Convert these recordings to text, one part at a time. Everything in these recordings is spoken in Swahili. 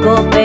poco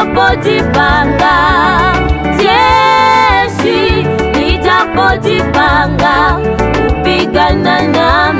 Nitapojipanga jeshi, nitapojipanga kupigana na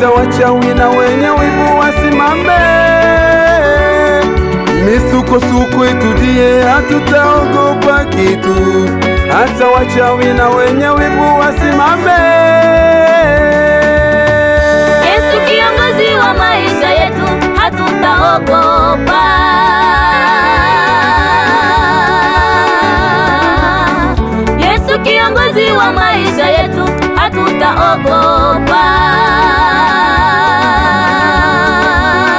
Waita wachawi na wenye wivu wasimame, misukosuko itudie, hatutaogopa kitu. Hata wachawi na wenye wivu wasimame. Yesu kiongozi wa maisha yetu, hatutaogopa Yesu kiongozi wa maisha yetu, hatutaogopa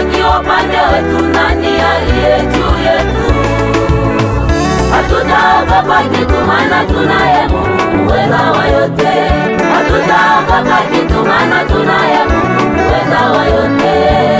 akiwa pande wetu, nani aliye juu yetu? Hatutaogopa kitu, maana tunaye Mungu muweza wa yote. Hatutaogopa kitu, maana tunaye Mungu muweza wa yote.